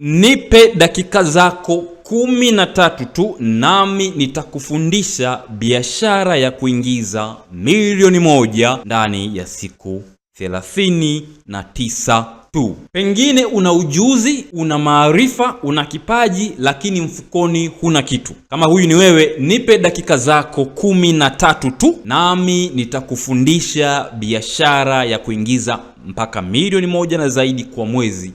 Nipe dakika zako kumi na tatu tu nami nitakufundisha biashara ya kuingiza milioni moja ndani ya siku thelathini na tisa tu. Pengine una ujuzi, una maarifa, una kipaji, lakini mfukoni huna kitu. Kama huyu ni wewe, nipe dakika zako kumi na tatu tu nami nitakufundisha biashara ya kuingiza mpaka milioni moja na zaidi kwa mwezi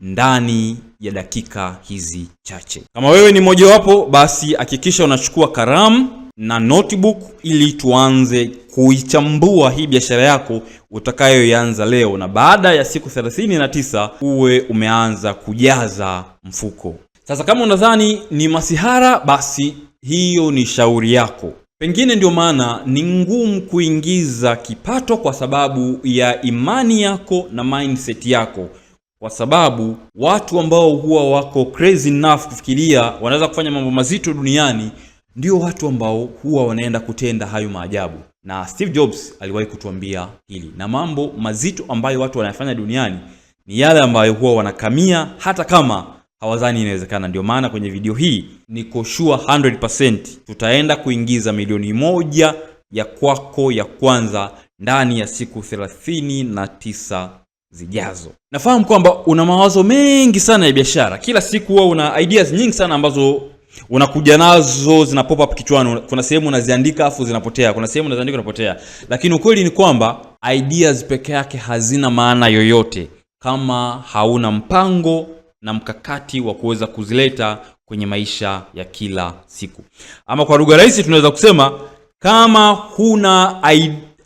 ndani ya dakika hizi chache. Kama wewe ni mojawapo, basi hakikisha unachukua kalamu na notebook ili tuanze kuichambua hii biashara yako utakayoianza leo, na baada ya siku thelathini na tisa uwe umeanza kujaza mfuko. Sasa kama unadhani ni masihara, basi hiyo ni shauri yako. Pengine ndio maana ni ngumu kuingiza kipato kwa sababu ya imani yako na mindset yako kwa sababu watu ambao huwa wako crazy enough kufikiria wanaweza kufanya mambo mazito duniani ndio watu ambao huwa wanaenda kutenda hayo maajabu. Na Steve Jobs aliwahi kutuambia hili, na mambo mazito ambayo watu wanayafanya duniani ni yale ambayo huwa wanakamia hata kama hawadhani inawezekana. Ndio maana kwenye video hii niko sure 100% tutaenda kuingiza milioni moja ya kwako ya kwanza ndani ya siku 39 zijazo. Nafahamu kwamba una mawazo mengi sana ya biashara, kila siku huwa una ideas nyingi sana ambazo unakuja nazo zina pop up kichwani. Kuna sehemu unaziandika afu zinapotea, kuna sehemu unaziandika unapotea, lakini ukweli ni kwamba ideas peke yake hazina maana yoyote kama hauna mpango na mkakati wa kuweza kuzileta kwenye maisha ya kila siku, ama kwa lugha rahisi tunaweza kusema kama huna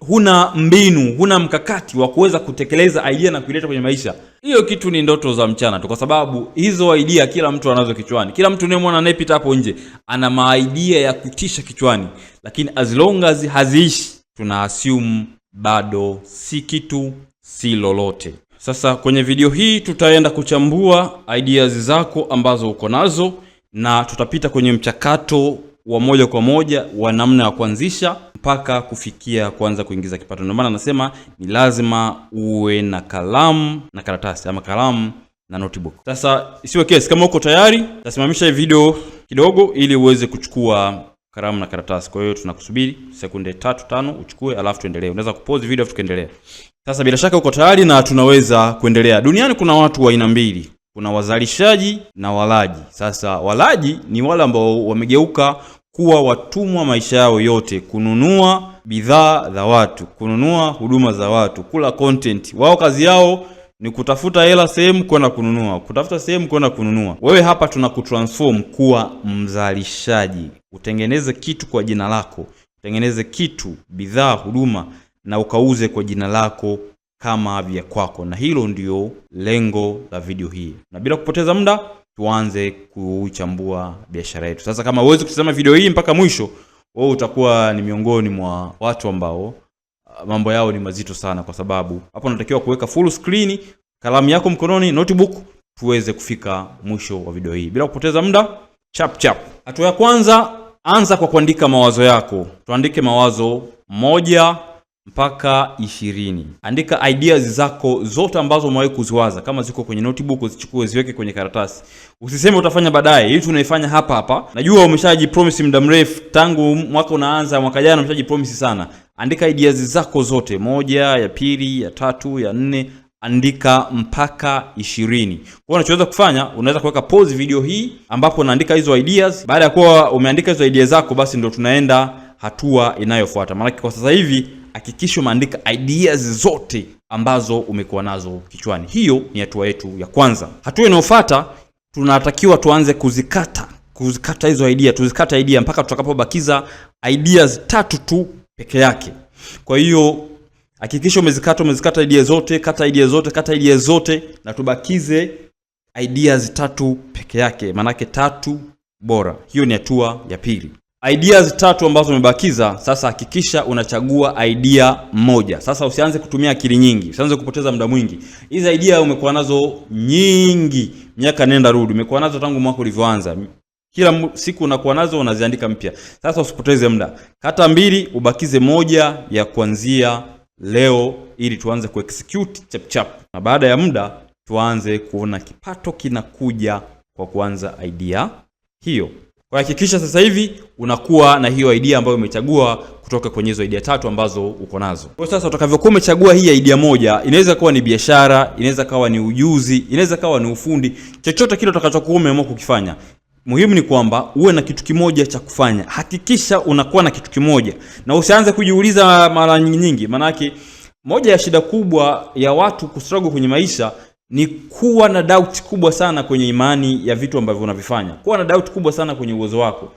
huna mbinu, huna mkakati wa kuweza kutekeleza idea na kuileta kwenye maisha. Hiyo kitu ni ndoto za mchana tu, kwa sababu hizo idea kila mtu anazo kichwani. Kila mtu unayemwona anayepita hapo nje ana maidia ya kutisha kichwani, lakini as long as haziishi, tuna assume bado si kitu, si lolote. Sasa kwenye video hii tutaenda kuchambua ideas zako ambazo uko nazo na tutapita kwenye mchakato wa moja kwa moja wa namna ya kuanzisha mpaka kufikia kuanza kuingiza kipato. Ndio maana anasema ni lazima uwe na kalamu na karatasi ama kalamu na notebook. Sasa isiwe kesi, kama uko tayari, tasimamisha hii video kidogo ili uweze kuchukua kalamu na karatasi. Kwa hiyo tunakusubiri sekunde tatu tano uchukue, alafu tuendelee. Unaweza kupozi video afu tukaendelea. Sasa bila shaka uko tayari na tunaweza kuendelea. Duniani kuna watu wa aina mbili, kuna wazalishaji na walaji. Sasa walaji ni wale ambao wamegeuka kuwa watumwa maisha yao yote, kununua bidhaa za watu, kununua huduma za watu, kula content. Wao kazi yao ni kutafuta hela sehemu kwenda kununua, kutafuta sehemu kwenda kununua. Wewe hapa tunakutransform kuwa mzalishaji, utengeneze kitu kwa jina lako, utengeneze kitu, bidhaa, huduma na ukauze kwa jina lako kama vya kwako, na hilo ndio lengo la video hii. Na bila kupoteza muda tuanze kuchambua biashara yetu. Sasa kama uwezi kutazama video hii mpaka mwisho, wewe utakuwa ni miongoni mwa watu ambao uh, mambo yao ni mazito sana, kwa sababu hapo unatakiwa kuweka full screen, kalamu yako mkononi, notebook, tuweze kufika mwisho wa video hii bila kupoteza muda. Chap chap, hatua ya kwanza, anza kwa kuandika mawazo yako. Tuandike mawazo moja mpaka ishirini. Andika ideas zako zote ambazo umewahi kuziwaza, kama ziko kwenye notebook uzichukue ziweke kwenye karatasi. Usiseme utafanya baadaye, hii tunaifanya hapa hapa. Najua umeshaji promise muda mrefu, tangu mwaka unaanza, mwaka jana umeshaji promise sana. Andika ideas zako zote, moja ya pili ya tatu ya nne, andika mpaka ishirini. Kwa hiyo unachoweza kufanya, unaweza kuweka pause video hii ambapo unaandika hizo ideas. Baada ya kuwa umeandika hizo ideas zako, basi ndio tunaenda hatua inayofuata, maanake kwa sasa hivi hakikisha umeandika ideas zote ambazo umekuwa nazo kichwani. Hiyo ni hatua yetu ya kwanza. Hatua inayofuata tunatakiwa tuanze kuzikata kuzikata hizo idea, tuzikata idea mpaka tutakapobakiza ideas tatu tu peke yake. Kwa hiyo hakikisha umezikata, umezikata idea zote, kata idea zote, kata idea zote, na tubakize ideas tatu peke yake, maanake tatu bora. Hiyo ni hatua ya pili. Ideas tatu ambazo umebakiza sasa, hakikisha unachagua idea moja. Sasa usianze kutumia akili nyingi, usianze kupoteza muda mwingi. Hizi idea umekuwa nazo nyingi, miaka nenda rudi, umekuwa nazo tangu mwaka ulivyoanza, kila siku unakuwa nazo, unaziandika mpya. Sasa usipoteze muda, kata mbili, ubakize moja ya kuanzia leo, ili tuanze kuexecute chap chap, na baada ya muda tuanze kuona kipato kinakuja kwa kuanza idea hiyo. Hakikisha sasa hivi unakuwa na hiyo idea ambayo umechagua kutoka kwenye hizo idea tatu ambazo uko nazo. Kwa sasa utakavyokuwa umechagua hii idea moja, inaweza kuwa ni biashara, inaweza kawa ni ujuzi, inaweza kawa ni ufundi, chochote kile utakachokuwa umeamua kukifanya. Muhimu ni kwamba uwe na kitu kimoja cha kufanya. Hakikisha unakuwa na kitu kimoja na usianze kujiuliza mara nyingi nyingi, maanake moja ya shida kubwa ya watu kustruggle kwenye maisha ni kuwa na doubt kubwa sana kwenye imani ya vitu ambavyo unavifanya, kuwa na doubt kubwa sana kwenye uwezo wako.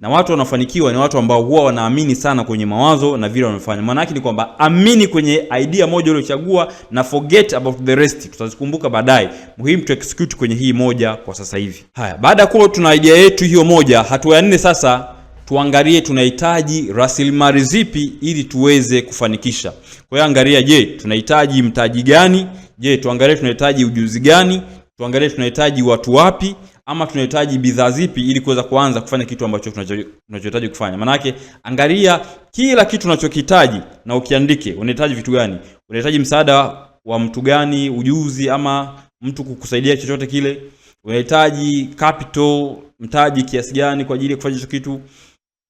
Na watu wanafanikiwa ni watu ambao huwa wanaamini sana kwenye mawazo na vile wanafanya. Maana yake ni kwamba amini kwenye idea moja uliochagua na forget about the rest, tutazikumbuka baadaye. Muhimu tu execute kwenye hii moja kwa sasa hivi. Haya, baada ya kuwa tuna idea yetu hiyo moja, hatua ya nne sasa tuangalie tunahitaji rasilimali zipi ili tuweze kufanikisha. Kwa hiyo angalia, je, tunahitaji mtaji gani Je, tuangalie tunahitaji ujuzi gani? Tuangalie tunahitaji watu wapi, ama tunahitaji bidhaa zipi, ili kuweza kuanza kufanya kitu ambacho tunachohitaji kufanya. maanake angalia kila kitu unachokihitaji na ukiandike, unahitaji vitu gani, unahitaji msaada wa mtu gani, ujuzi ama mtu kukusaidia chochote kile, unahitaji capital, mtaji kiasi gani kwa ajili ya kufanya hicho kitu,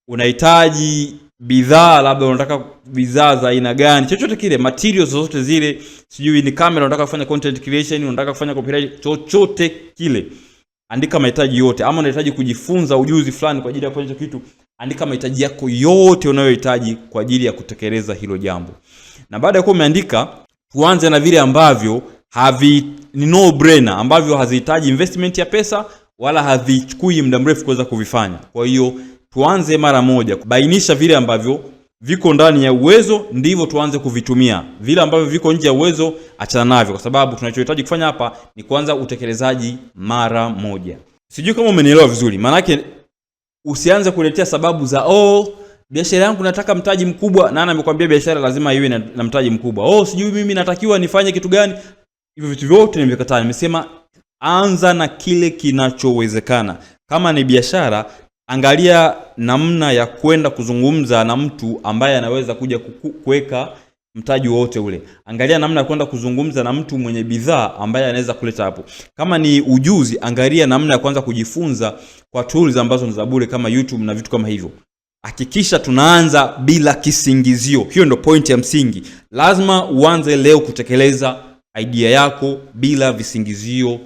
unahitaji bidhaa labda unataka bidhaa za aina gani, chochote kile, materials zozote zile, sijui ni camera unataka kufanya content creation, unataka kufanya copyright, chochote kile, andika mahitaji yote. Ama unahitaji kujifunza ujuzi fulani kwa ajili ya kufanya kitu, andika mahitaji yako yote unayohitaji kwa ajili ya kutekeleza hilo jambo. Na baada ya kuwa umeandika, tuanze na vile ambavyo havi ni no brainer, ambavyo hazihitaji investment ya pesa wala havichukui muda mrefu kuweza kuvifanya. Kwa hiyo tuanze mara moja kubainisha vile ambavyo viko ndani ya uwezo, ndivyo tuanze kuvitumia. Vile ambavyo viko nje ya uwezo, achana navyo, kwa sababu tunachohitaji kufanya hapa ni kuanza utekelezaji mara moja. Sijui kama umenielewa vizuri, maanake usianze kuletea sababu za oh, biashara yangu nataka mtaji mkubwa. Nani amekwambia biashara lazima iwe na, na mtaji mkubwa? Oh, sijui mimi natakiwa nifanye kitu gani? Hivyo vitu vyote nimekataa. Nimesema anza na kile kinachowezekana. Kama ni biashara, angalia namna ya kwenda kuzungumza na mtu ambaye anaweza kuja kuweka mtaji wowote ule. Angalia namna ya kwenda kuzungumza na mtu mwenye bidhaa ambaye anaweza kuleta hapo. Kama ni ujuzi, angalia namna ya kwanza kujifunza kwa tools ambazo ni za bure kama YouTube na vitu kama hivyo. Hakikisha tunaanza bila kisingizio. Hiyo ndio point ya msingi. Lazima uanze leo kutekeleza idea yako bila visingizio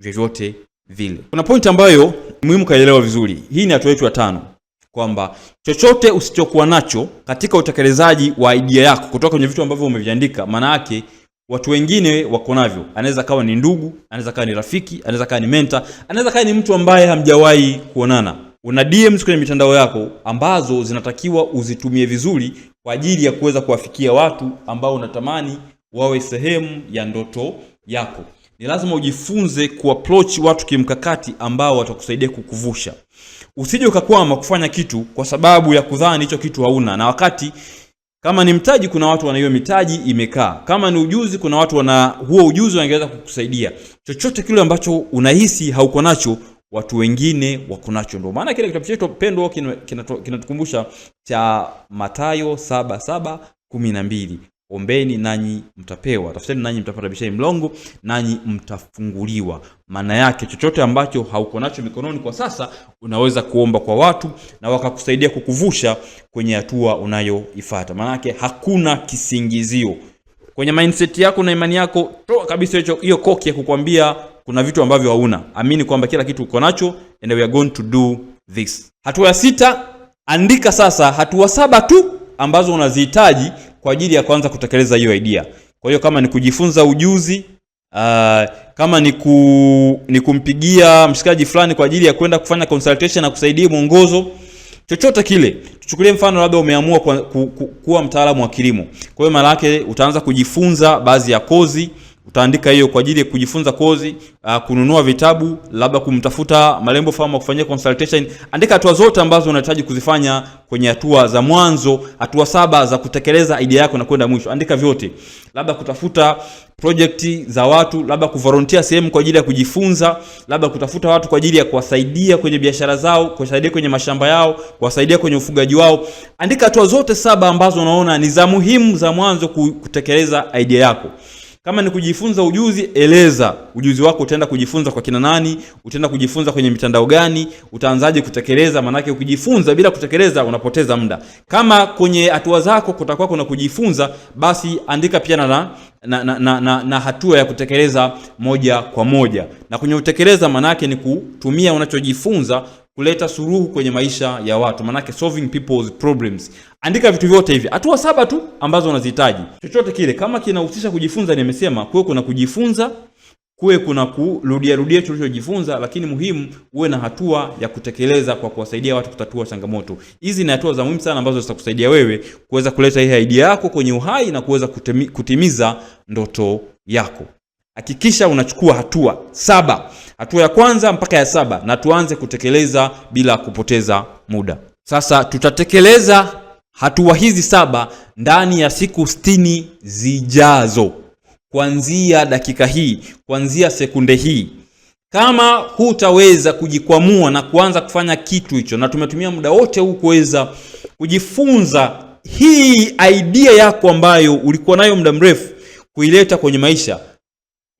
vyovyote vile. Kuna point ambayo muhimu kaelewa vizuri. Hii ni hatua yetu ya tano kwamba chochote usichokuwa nacho katika utekelezaji wa idea yako kutoka kwenye vitu ambavyo umeviandika, maana yake watu wengine wako navyo. Anaweza kawa ni ndugu, anaweza kawa ni rafiki, anaweza kawa ni mentor, anaweza kawa ni mtu ambaye hamjawahi kuonana. Una DMs kwenye mitandao yako ambazo zinatakiwa uzitumie vizuri kwa ajili ya kuweza kuwafikia watu ambao unatamani wawe sehemu ya ndoto yako ni lazima ujifunze kuapproach watu kimkakati ambao watakusaidia kukuvusha. Usije ukakwama kufanya kitu kwa sababu ya kudhani hicho kitu hauna, na wakati kama ni mtaji, kuna watu wana hiyo mitaji imekaa. Kama ni ujuzi, kuna watu wana huo ujuzi wangeweza kukusaidia. Chochote kile ambacho unahisi hauko nacho, watu wengine wako nacho. Ndio maana kile kitabu chetu pendwa kinatukumbusha cha Mathayo saba saba kumi na mbili ombeni nanyi mtapewa, tafuteni nanyi mtapata, bisheni mlongo nanyi mtafunguliwa. Maana yake chochote ambacho hauko nacho mikononi kwa sasa, unaweza kuomba kwa watu na wakakusaidia kukuvusha kwenye hatua unayoifuata. Maana yake hakuna kisingizio kwenye mindset yako na imani yako. Toa kabisa hicho hiyo koki ya kukwambia kuna vitu ambavyo hauna. Amini kwamba kila kitu uko nacho, and we are going to do this. Hatua ya sita, andika sasa hatua saba tu ambazo unazihitaji kwa ajili ya kuanza kutekeleza hiyo idea. Kwa hiyo kama ni kujifunza ujuzi Uh, kama ni, ku, ni kumpigia mshikaji fulani kwa ajili ya kwenda kufanya consultation na kusaidia mwongozo, chochote kile. Tuchukulie mfano labda umeamua kuwa, ku, ku, ku, mtaalamu wa kilimo. Kwa hiyo maana yake utaanza kujifunza baadhi ya kozi utaandika hiyo kwa ajili ya kujifunza kozi, uh, kununua vitabu, labda kumtafuta Malembo Farm kufanyia consultation. Andika hatua zote ambazo unahitaji kuzifanya kwenye hatua za mwanzo, hatua saba za kutekeleza idea yako na kwenda mwisho, andika vyote, labda kutafuta project za watu, labda kuvolunteer sehemu kwa ajili ya kujifunza, labda kutafuta watu kwa ajili ya kuwasaidia kwenye biashara zao, kuwasaidia kwenye mashamba yao, kuwasaidia kwenye ufugaji wao. Andika hatua zote saba ambazo unaona ni za muhimu za mwanzo kutekeleza idea yako. Kama ni kujifunza ujuzi, eleza ujuzi wako. Utaenda kujifunza kwa kina nani? Utaenda kujifunza kwenye mitandao gani? Utaanzaje kutekeleza? Maanake ukijifunza bila kutekeleza unapoteza muda. Kama kwenye hatua zako kutakuwa kuna kujifunza, basi andika pia na na, na, na, na, na hatua ya kutekeleza moja kwa moja. Na kwenye utekeleza maanake ni kutumia unachojifunza kuleta suluhu kwenye maisha ya watu, manake solving people's problems. Andika vitu vyote hivi, hatua saba tu ambazo unazihitaji. Chochote kile kama kinahusisha kujifunza, nimesema kuwe kuna kujifunza, kuwe kuna kurudia rudia tulichojifunza, lakini muhimu uwe na hatua ya kutekeleza kwa kuwasaidia watu kutatua changamoto hizi. Ni hatua za muhimu sana ambazo zitakusaidia wewe kuweza kuleta hii idea yako kwenye uhai na kuweza kutimiza ndoto yako. Hakikisha unachukua hatua saba, hatua ya kwanza mpaka ya saba, na tuanze kutekeleza bila kupoteza muda. Sasa tutatekeleza hatua hizi saba ndani ya siku sitini zijazo, kuanzia dakika hii, kuanzia sekunde hii. Kama hutaweza kujikwamua na kuanza kufanya kitu hicho, na tumetumia muda wote huu kuweza kujifunza hii idea yako ambayo ulikuwa nayo muda mrefu kuileta kwenye maisha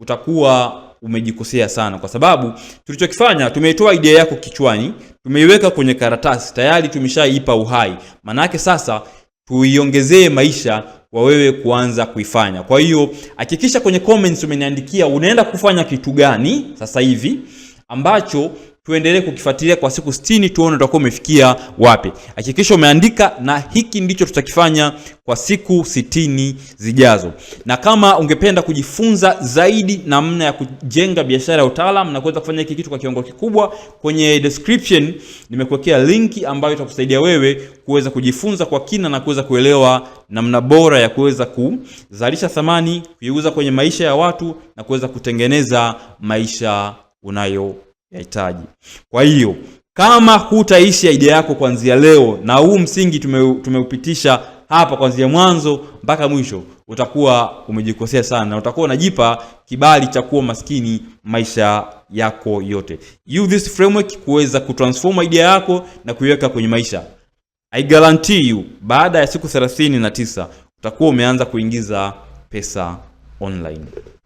utakuwa umejikosea sana, kwa sababu tulichokifanya tumeitoa idea yako kichwani, tumeiweka kwenye karatasi tayari, tumeshaipa uhai. Manake sasa tuiongezee maisha kwa wewe kuanza kuifanya. Kwa hiyo hakikisha kwenye comments umeniandikia unaenda kufanya kitu gani sasa hivi ambacho tuendelee kukifuatilia kwa siku 60, tuone utakuwa umefikia wapi. Hakikisha umeandika, na hiki ndicho tutakifanya kwa siku 60 zijazo. Na kama ungependa kujifunza zaidi namna ya kujenga biashara ya utaalam na kuweza kufanya hiki kitu kwa kiwango kikubwa, kwenye description nimekuwekea linki ambayo itakusaidia wewe kuweza kujifunza kwa kina na kuweza kuelewa namna bora ya kuweza kuzalisha thamani, kuiuza kwenye maisha ya watu na kuweza kutengeneza maisha unayo yahitaji. Kwa hiyo kama hutaishi idea yako kuanzia leo, na huu msingi tumeupitisha hapa kuanzia mwanzo mpaka mwisho, utakuwa umejikosea sana na utakuwa unajipa kibali cha kuwa maskini maisha yako yote. Use this framework kuweza kutransform idea yako na kuiweka kwenye maisha. I guarantee you, baada ya siku 39 na tisa utakuwa umeanza kuingiza pesa online.